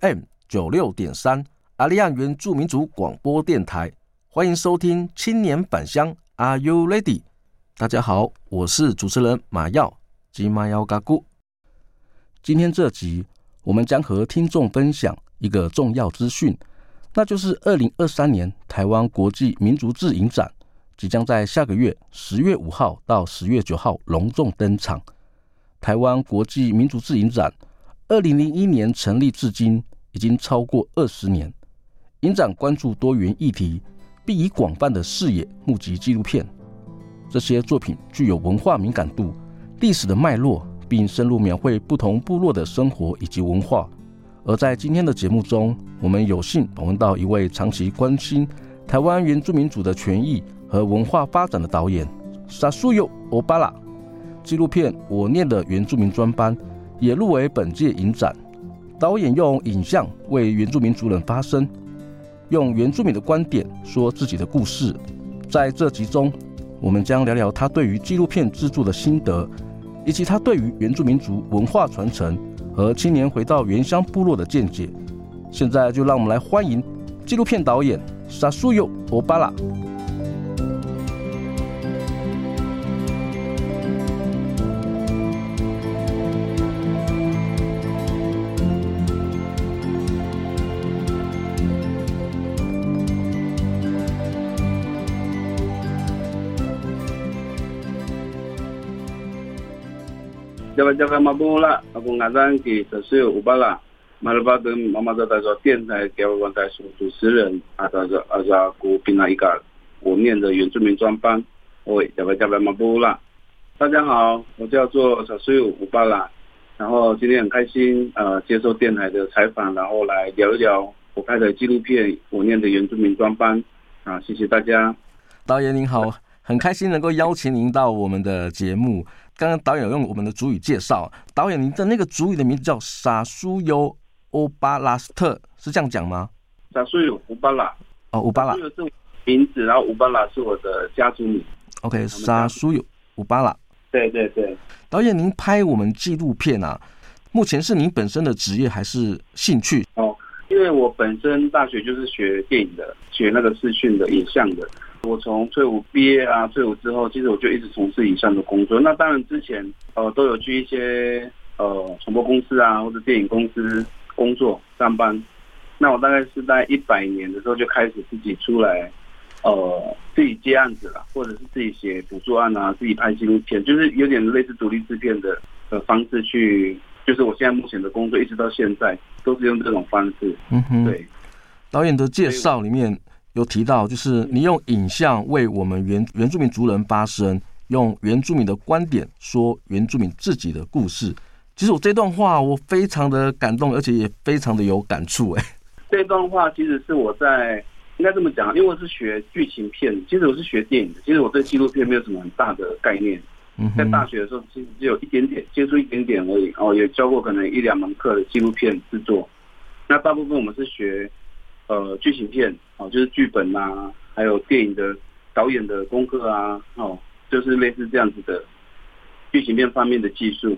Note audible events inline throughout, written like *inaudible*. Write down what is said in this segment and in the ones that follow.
FM 九六點三，阿利亞原住民族廣播電臺，歡迎收聽青年返鄉，Are you ready？大家好，我是主持人馬耀，吉馬耀嘎咕，今天這集，我們將和聽眾分享一個重要資訊，那就是二零二三年臺灣國際民族誌影展即將在下個月十月五號到十月九號隆重登場。臺灣國際民族誌影展。二零零一年成立至今已經超過二十年。影展關注多元議題，並以廣泛的視野募集紀錄片。這些作品具有文化敏感度、歷史的脈絡，並深入描繪不同部落的生活以及文化。而在今天的節目中，我們有幸訪問到一位長期關心台灣原住民族的權益和文化發展的導演，撒舒優・渥巴拉。紀錄片《我念的原住民專班》。也入圍本屆影展。導演用影像為原住民族人發聲，用原住民的觀點說自己的故事。在這集中，我們將聊聊他對於紀錄片制作的心得，以及他對於原住民族文化傳承和青年回到原鄉部落的見解。現在就讓我們來歡迎紀錄片導演撒舒優・渥巴拉。大家好，我叫做撒舒優・渥巴拉特，然後今天很開心，呃，接受電台的採訪，然後來聊一聊我拍的紀錄片，我念的原住民專班，啊，謝謝大家。導演您好，很開心能夠邀請您到我們的節目。剛剛導演用我們的族語介紹，導演您的那個族語的名字叫撒舒優・渥巴拉特，是這樣講嗎？撒舒優・渥巴拉，哦，渥巴拉，這個是、哦、名字，然後渥巴拉是我的家族名。OK，撒舒優・渥巴拉，對對對。導演您拍我們紀錄片啊，目前是您本身的職業還是興趣？哦，因為我本身大學就是學電影的，學那個視訊的影像的。我從退伍畢業啊，退伍之後，其實我就一直從事以上的工作。那當然之前呃都有去一些呃傳播公司啊，或者電影公司工作上班。那我大概是在一百年的時候就開始自己出來，呃，自己接案子啦，或者是自己寫補助案啊，自己拍紀錄片，就是有點類似獨立製片的的，呃，方式去，就是我現在目前的工作一直到現在都是用這種方式。嗯哼。對，導演的介紹裡面。有提到，就是你用影像為我們原原住民族人發聲，用原住民的觀點說原住民自己的故事。其實我這段話我非常的感動，而且也非常的有感觸，欸。哎，這段話其實是我在應該這麼講，因為我是學劇情片，其實我是學電影的，其實我對紀錄片沒有什麼很大的概念。嗯，在大學的時候，其實只有一點點接觸，一點點而已。哦，也教過可能一兩門課的紀錄片製作。那大部分我們是學呃劇情片。哦，就是劇本吶、啊，還有電影的導演的功課啊，哦，就是類似這樣子的劇情片方面的技術。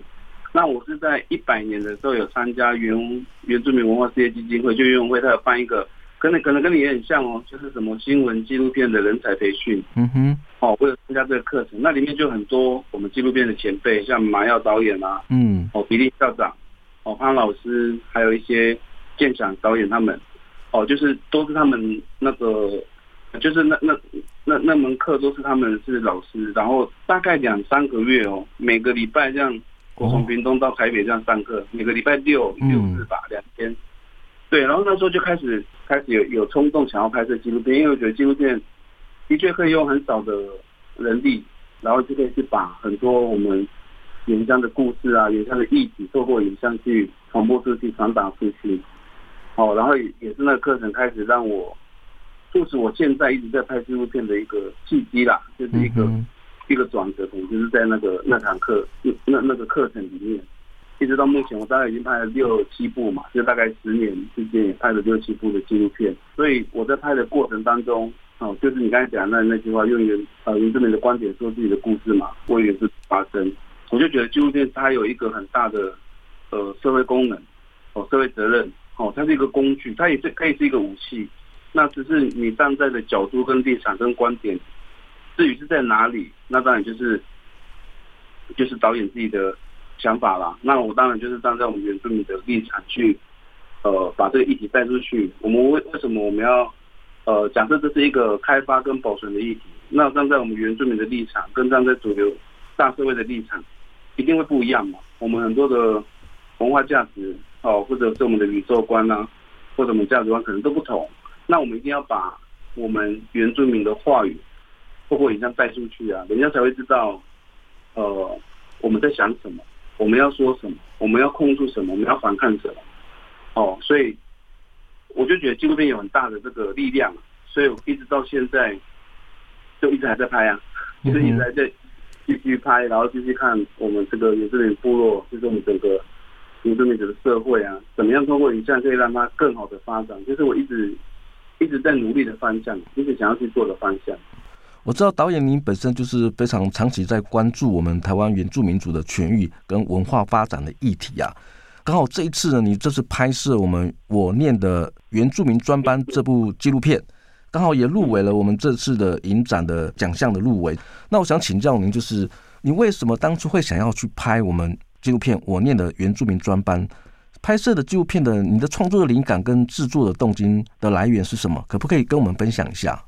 那我是在一百年的時候有參加原原住民文化事業基金會，就原文會，他有辦一個，可能可能跟你也很像哦，就是什麼新聞紀錄片的人才培訓。嗯哼，哦，我有參加這個課程，那裡面就很多我們紀錄片的前輩，像馬耀導演啊，嗯，哦，比利校長，哦，潘老師，還有一些現場導演他們。就是都是他們那個，就是那那那那門課都是他們是老師，然後大概兩三個月哦，每個禮拜這樣，我從屏東到台北這樣上課，哦、每個禮拜六六次吧，兩天。嗯、對，然後那時候就開始開始有有衝動想要拍攝紀錄片，因為我覺得紀錄片的確可以用很少的人力，然後就可以去把很多我們演講的故事啊、嗯、演講的議題透過影像去傳播出去、傳達出去。哦，然後也也是那個課程開始讓我促使我現在一直在拍紀錄片的一個契機啦，就是一個、嗯、哼一個轉折點，就是在那個那堂課那那個課程裡面，一直到目前，我大概已經拍了六七部嘛，就大概十年之間也拍了六七部的紀錄片。所以我在拍的過程當中，哦，就是你剛才講的那那句話，用呃啊，原住民的觀點說自己的故事嘛，我也是發生。我就覺得紀錄片它有一個很大的呃社會功能哦，社會責任。哦，它是一個工具，它也是可以是一個武器。那只是你站在的角度跟立場跟觀點，至於是在哪裡，那當然就是就是導演自己的想法啦。那我當然就是站在我們原住民的立場去，呃，把這個議題帶出去。我們為為什麼我們要呃，假設這是一個開發跟保存的議題，那站在我們原住民的立場跟站在主流大社會的立場，一定會不一樣嘛。我們很多的文化價值。哦，或者對我們的宇宙觀啊，或者我們價值觀可能都不同。那我們一定要把我們原住民的話語，包括影像帶出去啊，人家才會知道，呃，我們在想什麼，我們要說什麼，我們要控訴什麼，我們要反抗什麼。哦，所以我就覺得紀錄片有很大的這個力量，所以我一直到現在，就一直還在拍啊，就一直一直還在繼續拍，然後繼續看我們這個原住民部落，就是我們整個。民族民主的社會啊，怎麼樣通過影像可以讓它更好的發展？就是我一直一直在努力的方向，一直想要去做的方向。我知道導演您本身就是非常長期在關注我們台灣原住民族的權益跟文化發展的議題啊。剛好這一次呢，你這次拍攝我們我念的原住民專班這部紀錄片，剛好也入圍了我們這次的影展的獎項的入圍。那我想請教您，就是你為什麼當初會想要去拍我們？紀錄片我念的原住民專班拍攝的紀錄片的你的創作的靈感跟制作的動機的來源是什麼？可不可以跟我們分享一下？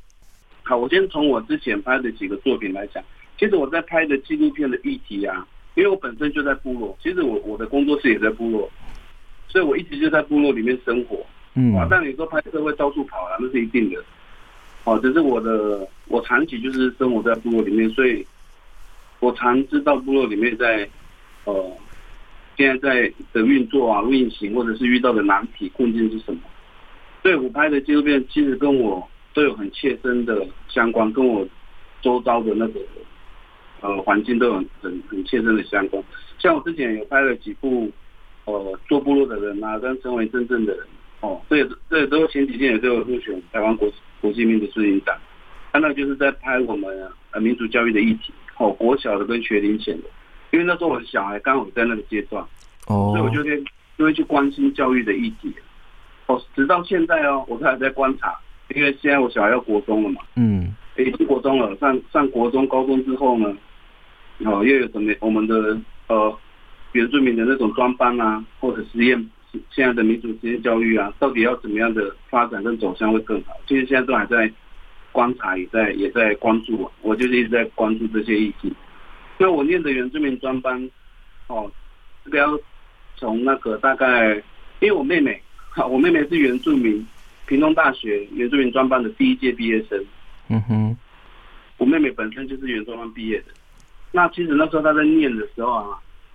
好，我先從我之前拍的幾個作品來講。其實我在拍的紀錄片的議題啊，因為我本身就在部落，其實我我的工作室也在部落，所以我一直就在部落裡面生活。嗯。但你說拍攝會到處跑啊，那是一定的。哦，只是我的我長期就是生活在部落裡面，所以我常知道部落裡面在。呃，現在在的運作啊、運行，或者是遇到的難題、困境是什麼？所以我拍的紀錄片，其實跟我都有很切身的相關，跟我周遭的那個呃環境都有很很切身的相關。像我之前有拍了幾部，呃，做部落的人啊，跟身為真正的人。哦，這也這都前幾天也都有入選台灣國國際民族誌影展他、啊、那就是在拍我們呃、啊、民族教育的議題，哦，國小的跟學齡前的。因為那時候我的小孩剛好在那個階段，oh. 所以我就會就會去關心教育的議題。哦，直到現在哦，我都還在觀察，因為現在我小孩要國中了嘛，嗯、mm. 欸，已經國中了。上上國中、高中之後呢，哦，又有什麼我們的呃原住民的那種專班啊，或者實驗現在的民族實驗教育啊，到底要怎麼樣的發展跟走向會更好？其實現在都還在觀察，也在也在關注、啊。我就是一直在關注這些議題。那我念的原住民專班，哦，這個要從那個大概，因為我妹妹，我妹妹是原住民，屏東大學原住民專班的第一屆畢業生。嗯哼，我妹妹本身就是原專班畢業的。那其實那時候她在念的時候啊，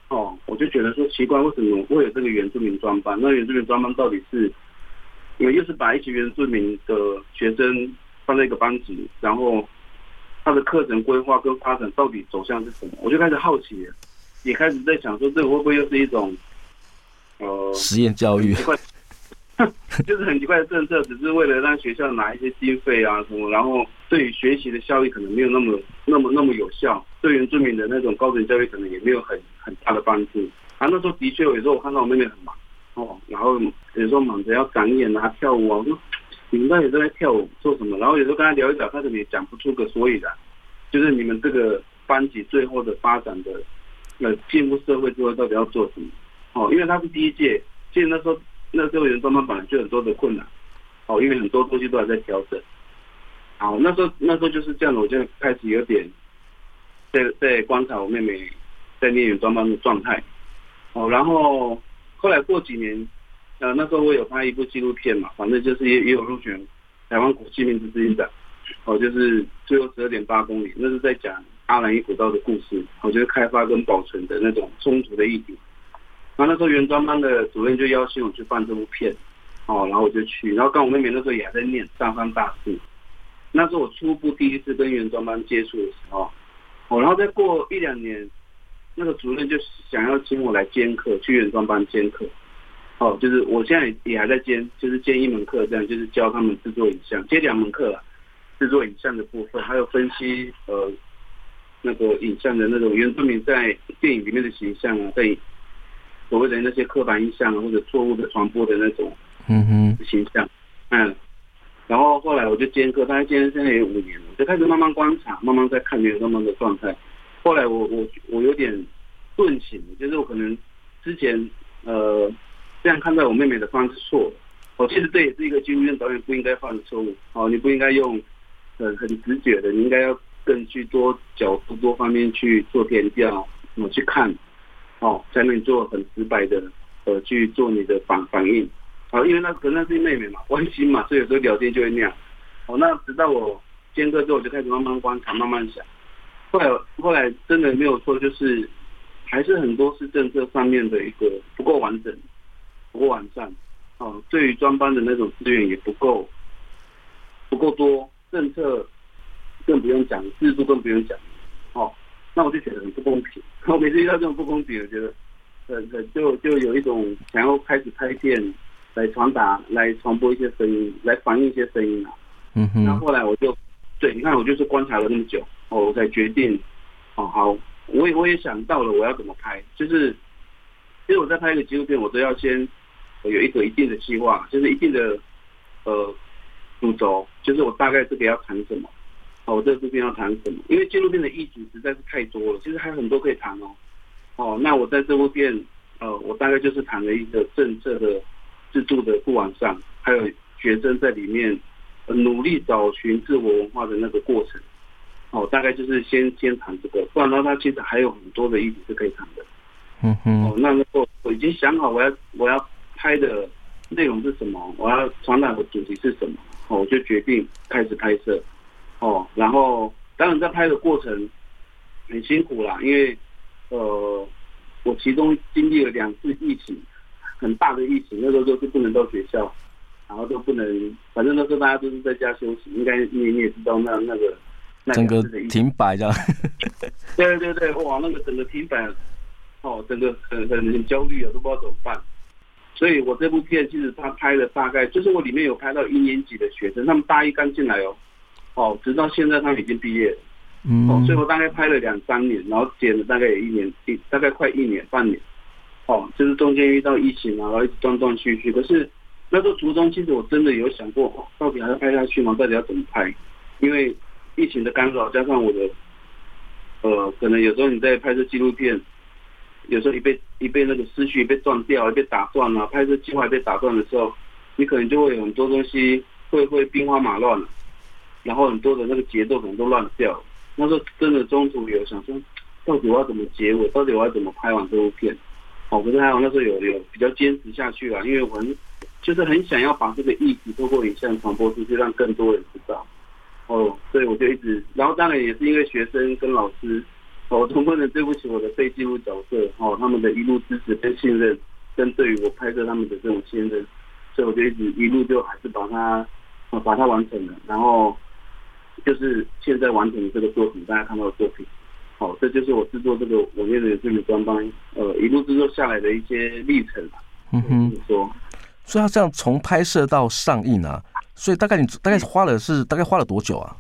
哦，我就覺得說奇怪，為什麼我會有這個原住民專班？那原住民專班到底是，因為又是把一群原住民的學生放在一個班級，然後。他的課程規劃跟發展到底走向是什麼？我就開始好奇，也開始在想說，這個會不會又是一種呃實驗教育？奇怪 *laughs* 就是很奇怪的政策，只是為了讓學校拿一些經費啊什麼，然後對於學習的效益可能沒有那麼、那麼、那麼有效，對原住民的那種高等教育可能也沒有很很大的幫助。啊，那時候的確，有時候我看到我妹妹很忙哦，然後有時候忙着要展演啊、跳舞啊。你們到底都在跳舞做什麼？然後有時候跟他聊一聊，他怎麼也講不出個所以然。就是你們這個班級最後的發展的，呃，進入社會之後到底要做什麼？哦，因為他是第一屆，進那時候那時候原專班本來就有很多的困難。哦，因為很多東西都還在調整。哦，那時候那時候就是這樣了，我就開始有點在在觀察我妹妹在念原專班的狀態。哦，然後後來過幾年。呃，那時候我有拍一部紀錄片嘛，反正就是也也有入選台灣國際民族誌影展，哦，就是最後十二點八公里，那是在講阿朗壹古道的故事，我覺得開發跟保存的那種衝突的議題。那、啊、那時候原專班的主任就邀請我去辦這部片，哦，然後我就去，然後剛我妹妹那時候也還在念師範大學。那時候我初步第一次跟原專班接觸的時候，哦，然後再過一兩年，那個主任就想要請我來兼課，去原專班兼課。哦，就是我現在也還在兼，就是兼一門課，這樣就是教他們製作影像，接兩門課了、啊，製作影像的部分，還有分析呃那個影像的那種原住民在電影裡面的形象啊，被所謂的那些刻板印象啊，或者錯誤的傳播的那種嗯嗯形象，嗯，哼嗯，然後後來我就兼課，大概兼現在也五年了，就開始慢慢觀察，慢慢在看這個慢慢的狀態。後來我我我有點頓醒，就是我可能之前呃。這樣看待我妹妹的方式是錯的。哦，其實這也是一個紀錄片導演不應該犯的錯誤。哦，你不應該用，很、呃、很直覺的，你應該要更去多角度、多方面去做評價，怎、呃、麼去看，哦，才能做很直白的，呃，去做你的反反應。好、哦、因為那可能是，是妹妹嘛，關心嘛，所以有時候聊天就會那樣。哦，那直到我兼課之後，我就開始慢慢觀察，慢慢想。後來，後來真的沒有錯，就是還是很多是政策方面的一個不夠完整。不夠完善，哦，對於專班的那種資源也不夠，不夠多，政策更不用講，制度更不用講，哦，那我就覺得很不公平。我每次遇到這種不公平，我覺得、呃呃、就就有一種想要開始拍片來傳達、來傳播一些聲音、來反映一些聲音啊。嗯嗯哼那後，後來我就，對，你看我就是觀察了那麼久，哦、我才決定，哦好，我也我也想到了我要怎麼拍，就是，因為我在拍一個紀錄片，我都要先。有一個一定的計劃，就是一定的呃步驟，就是我大概這個要談什麼，哦，我在這邊要談什麼？因為紀錄片的議題實在是太多了，其實還有很多可以談哦。哦，那我在這部片，呃，我大概就是談了一個政策的制度的不完善，還有學生在裡面努力找尋自我文化的那個過程。哦，大概就是先先談這個，不然的話，他其實還有很多的議題是可以談的。嗯嗯哦，那如果我已經想好我要我要。拍的內容是什麼？我要傳達的主題是什麼？哦，我就決定開始拍攝。哦，然後當然在拍的過程很辛苦啦，因為呃，我其中經歷了兩次疫情，很大的疫情，那時候就是不能到學校，然後就不能，反正那時候大家都是在家休息。應該你，你也知道那那個那個，整個停擺着。對對對，哇，那個整個停擺，哦，整個很很很焦慮啊，都不知道怎麼辦。所以我這部片其實他拍了大概，就是我裡面有拍到一年級的學生，他們大一剛進來哦，哦，直到現在他們已經畢業了，哦，所以我大概拍了兩三年，然後剪了大概有一年，一大概快一年半年，哦，就是中間遇到疫情嘛，然後一直斷斷續續。可是，那個途中其實我真的有想過，到底還要拍下去嗎？到底要怎麼拍？因為疫情的干擾，加上我的，呃，可能有時候你在拍攝紀錄片。有時候一被一被那個思緒被撞掉，一被打斷了、啊，拍攝計劃被打斷的時候，你可能就會有很多東西會會兵荒馬亂，然後很多的那個節奏可能都亂掉。那時候真的中途有想說，到底我要怎麼結尾？到底我要怎麼拍完這部片？哦，不是還好那時候有有比較堅持下去了、啊，因為我很就是很想要把這個議題透過影像傳播出去，讓更多人知道。哦，所以我就一直，然後當然也是因為學生跟老師。哦，充分的對不起，我的被記錄角色哦，他們的一路支持跟信任，跟對於我拍攝他們的這種信任，所以我就一直一路就還是把它，哦，把它完成了。然後就是現在完成這個作品，大家看到的作品，好，哦，這就是我製作這個我念的原住民專班，呃，一路製作下來的一些歷程。呃、嗯哼，嗯說，所以他這樣從拍攝到上映呢，啊，所以大概你大概花了是，嗯、大概花了多久啊？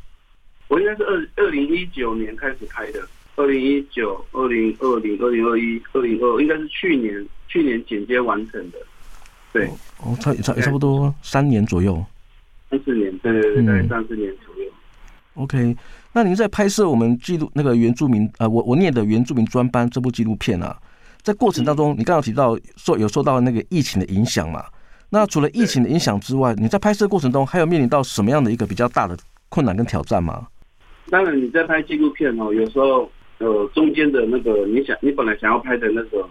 我應該是二二零一九年開始拍的。二零一九、二零二零、二零二一、二零二，應該是去年，去年剪接完成的，對，哦，差也差也差不多三年左右，三四年，對對對、嗯、大概三四年左右。OK，那您在拍攝我們紀錄那個原住民呃，我我念的原住民專班這部紀錄片啊，在過程當中，嗯、你剛剛提到受有受到那個疫情的影響嘛？那除了疫情的影響之外，你在拍攝過程中還有面臨到什麼樣的一個比較大的困難跟挑戰嗎？當然，你在拍紀錄片哦，有時候。呃，中間的那個你想你本來想要拍的那個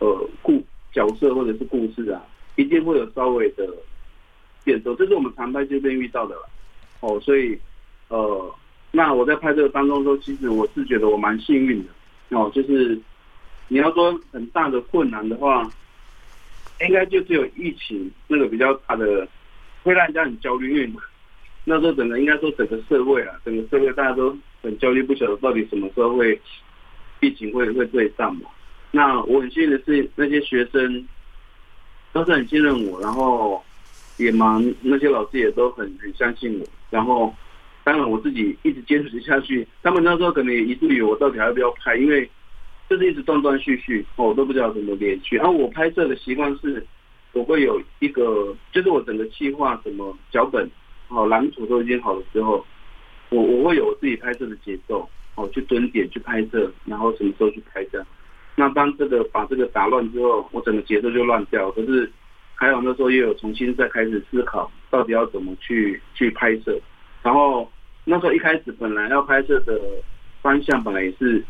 呃故角色或者是故事啊，一定會有稍微的變動，這是我們常拍這邊遇到的了。哦，所以呃，那我在拍這個當中說，其實我是覺得我蠻幸運的。哦，就是你要說很大的困難的話，應該就只有疫情那個比較大的，會讓人家很焦慮，因為那時候整個應該說整個社會啊，整個社會大家都。很焦慮，不曉得到底什麼時候會疫情會會對上嘛？那我很幸運的是，那些學生都是很信任我，然後也忙，那些老師也都很很相信我。然後，當然我自己一直堅持下去。他們那時候可能也一度以為我到底還要不要拍，因為就是一直斷斷續續，我、哦、都不知道怎麼連續。然、啊、後我拍攝的習慣是，我會有一個，就是我整個計劃、什麼腳本、哦藍圖都已經好的時候。我我會有我自己拍攝的節奏，哦，去蹲點去拍攝，然後什麼時候去拍攝。那當這個把這個打亂之後，我整個節奏就亂掉了。可是還好，那時候又有重新再開始思考，到底要怎麼去去拍攝。然後那時候一開始本來要拍攝的方向本來也是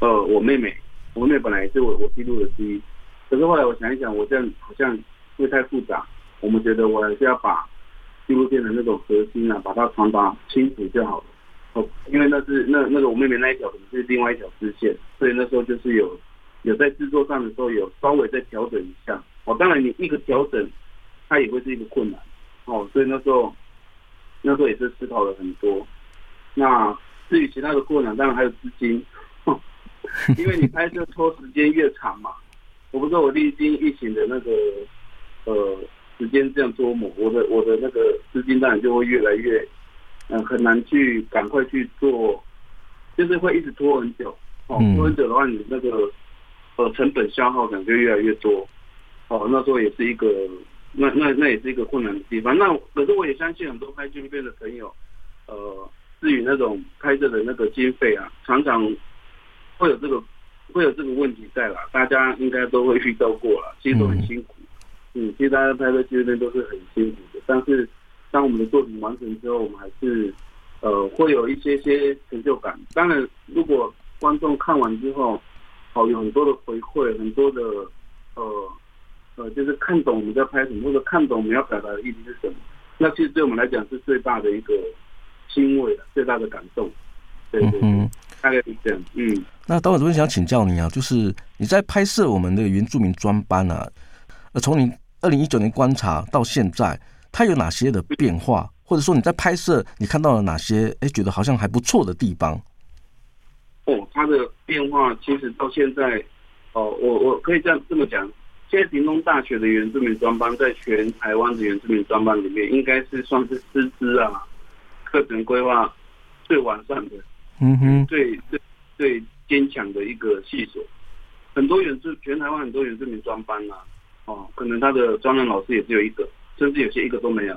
呃我妹妹，我妹本來也是我我記錄的第一，可是後來我想一想，我這樣好像會太複雜。我們覺得我還是要把。變成那種核心啊，把它傳達清楚就好了。哦，因為那是那那個我妹妹那一條可能是另外一條支線，所以那時候就是有有在制作上的時候有稍微再調整一下。哦，當然你一個調整，它也會是一個困難。哦，所以那時候那時候也是思考了很多。那至於其他的困難，當然還有資金，因為你拍攝拖時間越長嘛。我不知道我歷經疫情的那個呃。時間這樣琢磨，我的我的那個資金量就會越來越，嗯、呃，很難去趕快去做，就是會一直拖很久。哦，拖很久的話，你那個呃成本消耗感就越來越多。哦，那時候也是一個，那那那也是一個困難的地方。那可是我也相信很多拍紀錄片的朋友，呃，至於那種拍攝的那個經費啊，常常會有這個會有這個問題在啦，大家應該都會遇到過了，其實都很辛苦。嗯嗯，其實大家拍攝其實片都是很辛苦的，但是當我們的作品完成之後，我們還是呃會有一些些成就感。當然，如果觀眾看完之後，好有很多的回饋，很多的呃呃，就是看懂你在拍什麼，或者看懂我們要表達的意義是什麼，那其實對我們來講是最大的一個欣慰啊，最大的感動。對對對，大概是這樣。嗯。那導演這邊想請教你啊，就是你在拍攝我們的原住民專班啊，呃，從你。二零一九年觀察到現在，它有哪些的變化？或者說你在拍攝，你看到了哪些？哎，覺得好像還不錯的地方？哦，它的變化其實到現在，哦，我我可以這樣這麼講，現在屏東大學的原住民專班，在全台灣的原住民專班裡面，應該是算是師資啊、課程規劃最完善的，嗯哼，最最最堅強的一個系所。很多原住全台灣很多原住民專班啊。哦，可能他的專任老師也只有一個，甚至有些一個都沒有。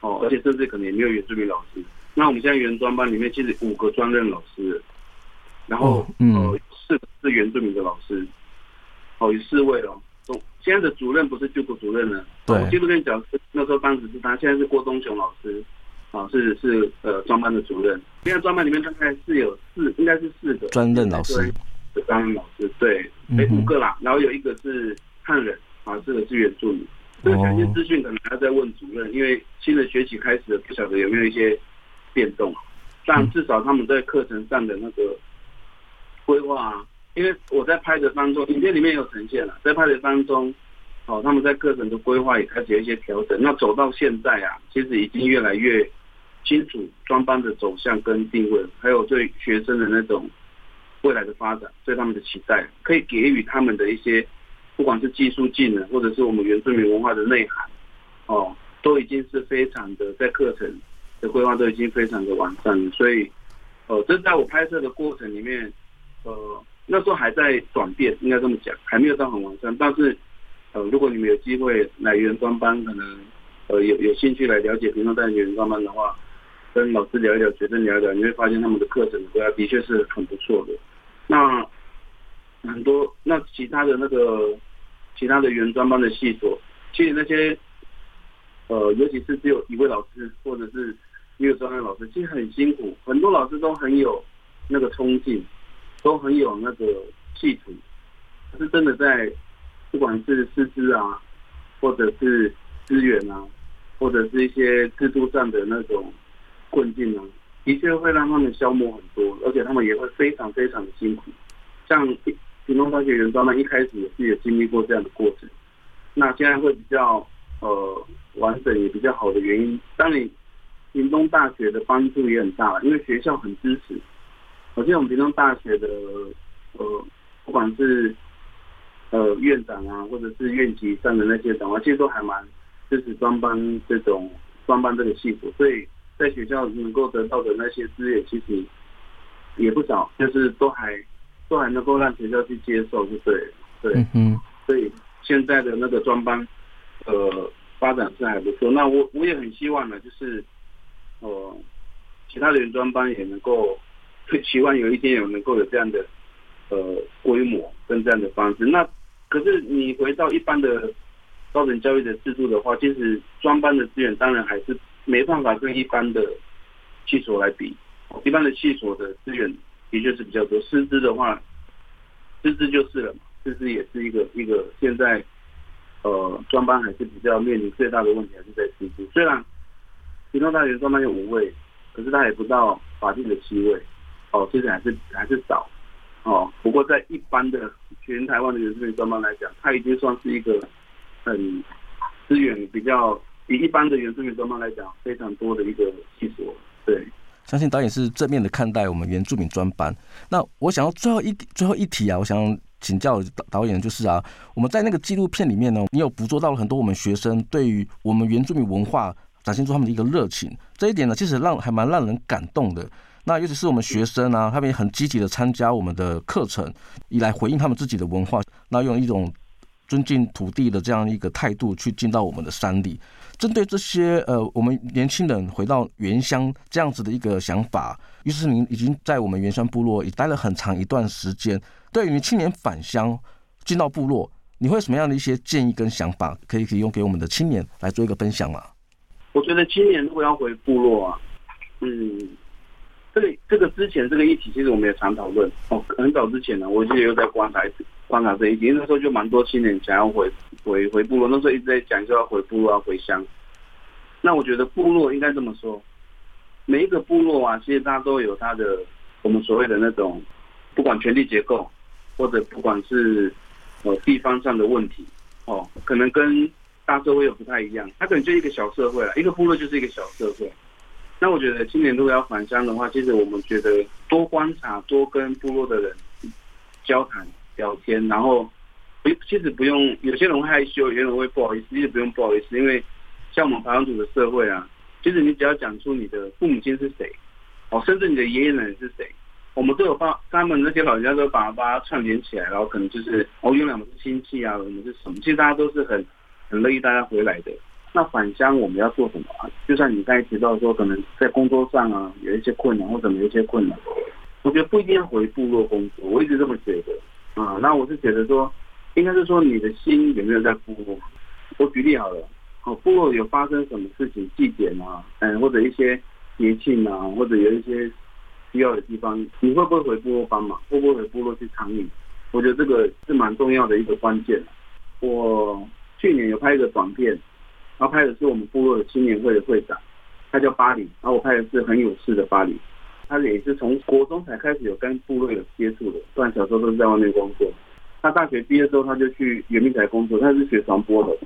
哦，而且甚至可能也沒有原住民老師。那我們現在原專班裡面其實五個專任老師，然後、哦、嗯、呃，四個是原住民的老師，哦，有四位哦。現在的主任不是教國主任了，對，教育部講師那時候當時是他，現在是郭東雄老師，啊是是呃專班的主任。現在專班裡面大概是有四，應該是四個專任老師，專任老師對，哎、欸嗯、哼五個啦，然後有一個是漢人。啊，這個是援助。這個詳細資訊可能還要再問主任，因為新的學期開始了，不曉得有沒有一些變動。但至少他們在課程上的那個規劃啊，因為我在拍的當中，影片裡面有呈現了，在拍的當中，哦，他們在課程的規劃也開始有一些調整。那走到現在啊，其實已經越來越清楚專班的走向跟定位，還有對學生的那種未來的發展，對他們的期待，可以給予他們的一些。不管是技術技能，或者是我們原住民文化的內涵，哦，都已經是非常的，在課程的規劃都已經非常的完善了。所以，哦，這在我拍攝的過程裡面，呃，那時候還在轉變，應該這麼講，還沒有到很完善。但是，呃，如果你們有機會來原專班，可能呃有有興趣來了解平常在原專班的話，跟老師聊一聊，學生聊一聊，你會發現他們的課程規劃，啊，的確是很不錯的。那很多，那其他的那個。其他的原專班的系所，其實那些，呃，尤其是只有一位老師或者是一個專業老師，其實很辛苦。很多老師都很有那個衝勁，都很有那個氣度，可是真的在，不管是師資啊，或者是資源啊，或者是一些制度上的那種困境啊，的確會讓他們消磨很多，而且他們也會非常非常的辛苦，像。屏東大學原專班一開始也是有經歷過這樣的過程，那現在會比較呃完整，也比較好的原因，當然屏東大學的幫助也很大，因為學校很支持，我記得我們屏東大學的呃不管是呃院長啊，或者是院級上的那些長啊，其實都還蠻支持專班這種專班這個系統，所以在學校能夠得到的那些資源其實也不少，就是都還。都還能夠讓學校去接受，是對？對，嗯哼，所以現在的那個專班，呃，發展是還不錯。那我我也很希望呢，就是呃，其他的原專班也能夠，希望有一天有能夠有這樣的呃規模跟這樣的方式。那可是你回到一般的高等教育的制度的話，其實專班的資源當然還是沒辦法跟一般的系所來比，一般的系所的資源，的確是比較多師資的話，師資就是了嘛，師資也是一個一個現在，呃，專班還是比較面臨最大的問題，還是在師資。雖然，屏東大學專班有五位，可是他也不到法定的七位，哦，其實還是還是少，哦。不過在一般的全台灣的原住民專班來講，他已經算是一個很、嗯、資源比較比一般的原住民專班來講非常多的一個系所，對。相信導演是正面的看待我們原住民專班。那我想要最後一最後一題啊，我想請教導導演就是啊，我們在那個紀錄片裡面呢，你有捕捉到了很多我們學生對於我們原住民文化展現出他們的一個熱情，這一點呢，其實讓還蠻讓人感動的。那尤其是我們學生啊，他們也很積極的參加我們的課程，以來回應他們自己的文化，那用一種尊敬土地的這樣一個態度去進到我們的山裡。針對這些呃，我們年輕人回到原鄉這樣子的一個想法，於是您已經在我們原鄉部落已待了很長一段時間。對於你青年返鄉進到部落，你會有什麼樣的一些建議跟想法，可以可以用給我們的青年來做一個分享嗎？我覺得青年如果要回部落啊，嗯，這個這個之前這個議題，其實我們也常討論哦，很早之前呢，啊，我記得也有在觀察一次。觀察這一點，因為那時候就蠻多青年想要回回回部落。那時候一直在講，就要回部落，要回鄉。那我覺得部落應該這麼說：每一個部落啊，其實大家都有它的我們所謂的那種，不管權力結構，或者不管是呃地方上的問題，哦，可能跟大社會又不太一樣。它可能就一個小社會啊，一個部落就是一個小社會。那我覺得青年如果要返鄉的話，其實我們覺得多觀察，多跟部落的人交談。聊天，然後其實不用，有些人會害羞，有些人會不好意思，其實不用不好意思，因為像我們排灣族的社會啊，其實你只要講出你的父母親是誰，哦，甚至你的爺爺奶奶是誰，我們都有幫，他們那些老人家都把他把它串聯起來，然後可能就是哦，原來我們是親戚啊，我們是什麼？其實大家都是很很樂意大家回來的。那返鄉我們要做什麼啊？就像你剛才提到說，可能在工作上啊，有一些困難或沒有一些困難，我覺得不一定要回部落工作，我一直這麼覺得。啊，那我是覺得說，應該是說你的心有沒有在部落？我舉例好了，哦，部落有發生什麽事情，祭典啊，嗯，或者一些節慶啊，或者有一些需要的地方，你會不會回部落幫忙？會不會回部落去參與？我覺得這個是蠻重要的一個關鍵。我去年有拍一個短片，然後拍的是我們部落的青年會的會長，他叫巴里，然後我拍的是很有勢的巴里。他也是從國中才開始有跟部落有接觸的，不然小時候都是在外面工作。他大學畢業之後，他就去原民台工作，他是學傳播的。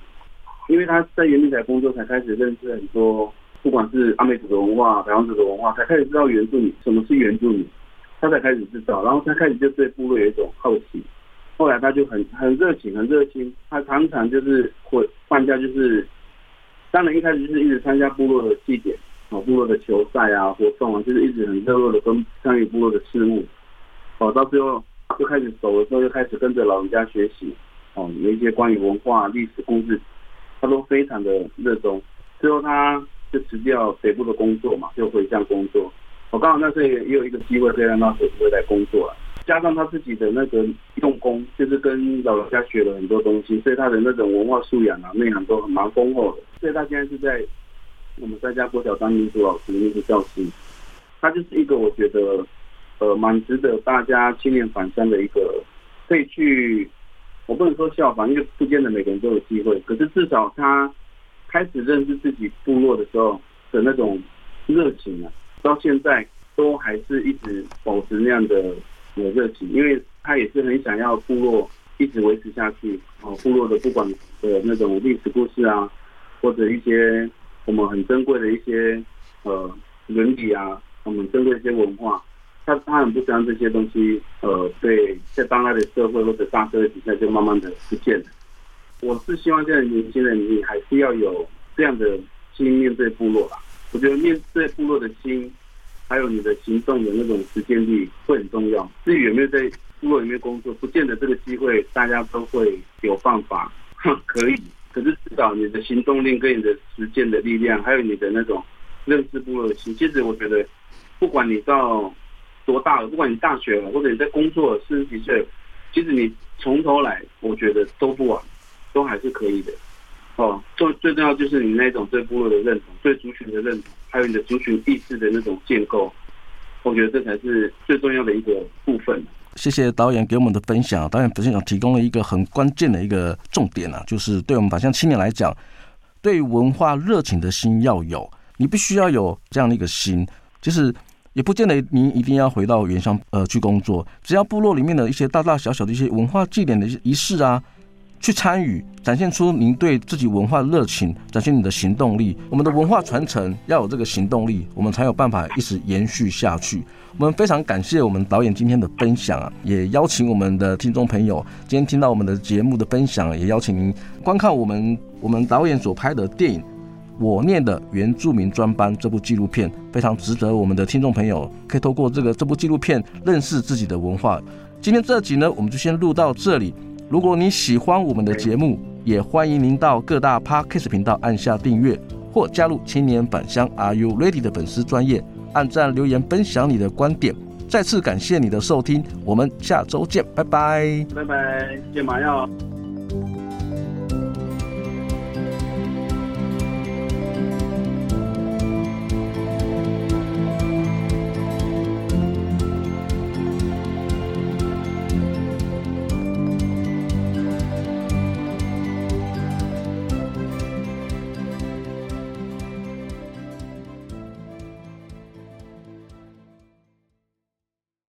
因為他在原民台工作，才開始認識很多，不管是阿美族的文化、排灣族的文化，才開始知道原住民，什麼是原住民，他才開始知道。然後他開始就對部落有一種好奇，後來他就很很熱情、很熱心。他常常就是會放假，就是當然一開始就是一直參加部落的祭典。部落的球賽啊，活動啊，就是一直很熱絡的跟參與部落的事務。哦，到最後就開始走的時候，又開始跟着老人家學習。哦，有一些關於文化、歷史、故事，他都非常的熱衷。最後，他就辭掉北部的工作嘛，就回鄉工作。我、哦、剛好那時候也有一個機會可以讓他回回來工作了、啊。加上他自己的那個用功，就是跟老人家學了很多東西，所以他的那種文化素養啊、內涵都很蠻豐厚的。所以，他現在是在。我們在家國小當民族老師，一個教師，他就是一個我覺得，呃，蠻值得大家青年返鄉的一個，可以去，我不能說效仿，因為不見得每個人都有機會。可是至少他開始認識自己部落的時候的那種熱情啊，到現在都還是一直保持那樣的熱情，因為他也是很想要部落一直維持下去。哦，部落的不管的那種歷史故事啊，或者一些。我們很珍貴的一些，呃，倫理啊，我們珍貴一些文化，但是他很不喜歡這些東西，呃，對，在當代的社會或者大社會底下就慢慢的不見了。我是希望現在年輕人，你還是要有這樣的心面對部落吧，我覺得面對部落的心，還有你的行動的那種實踐力會很重要。至於有沒有在部落裡面工作，不見得這個機會大家都會有辦法，哼，可以。可是，至少你的行動力跟你的實踐的力量，還有你的那種認知部落的心，其實我覺得，不管你到多大了，不管你大學了，或者你在工作四十幾歲，其實你從頭來，我覺得都不晚，都還是可以的。哦，最最重要就是你那種對部落的認同，對族群的認同，還有你的族群意識的那種建構，我覺得這才是最重要的一個部分。謝謝導演給我們的分享，導演本身有提供了一個很關鍵的一個重點啊，就是對我們返鄉青年來講，對文化熱情的心要有，你必須要有這樣的一個心，就是也不見得你一定要回到原鄉呃去工作，只要部落裡面的一些大大小小的一些文化祭典的儀式啊。去參與，展現出您對自己文化的熱情，展現你的行動力。我們的文化傳承要有這個行動力，我們才有辦法一直延續下去。我們非常感謝我們導演今天的分享啊，也邀請我們的聽眾朋友今天聽到我們的節目的分享啊，也邀請您觀看我們我們導演所拍的電影《我念的原住民專班》這部紀錄片，非常值得我們的聽眾朋友可以透過這個這部紀錄片認識自己的文化。今天這集呢，我們就先錄到這裡。如果你喜歡我們的節目，Okay. 也歡迎您到各大 Podcast 頻道按下訂閱，或加入青年返鄉 Are You Ready 的粉絲專頁，按讚留言分享你的觀點。再次感謝你的收聽，我們下周見，拜拜，拜拜，見麻藥。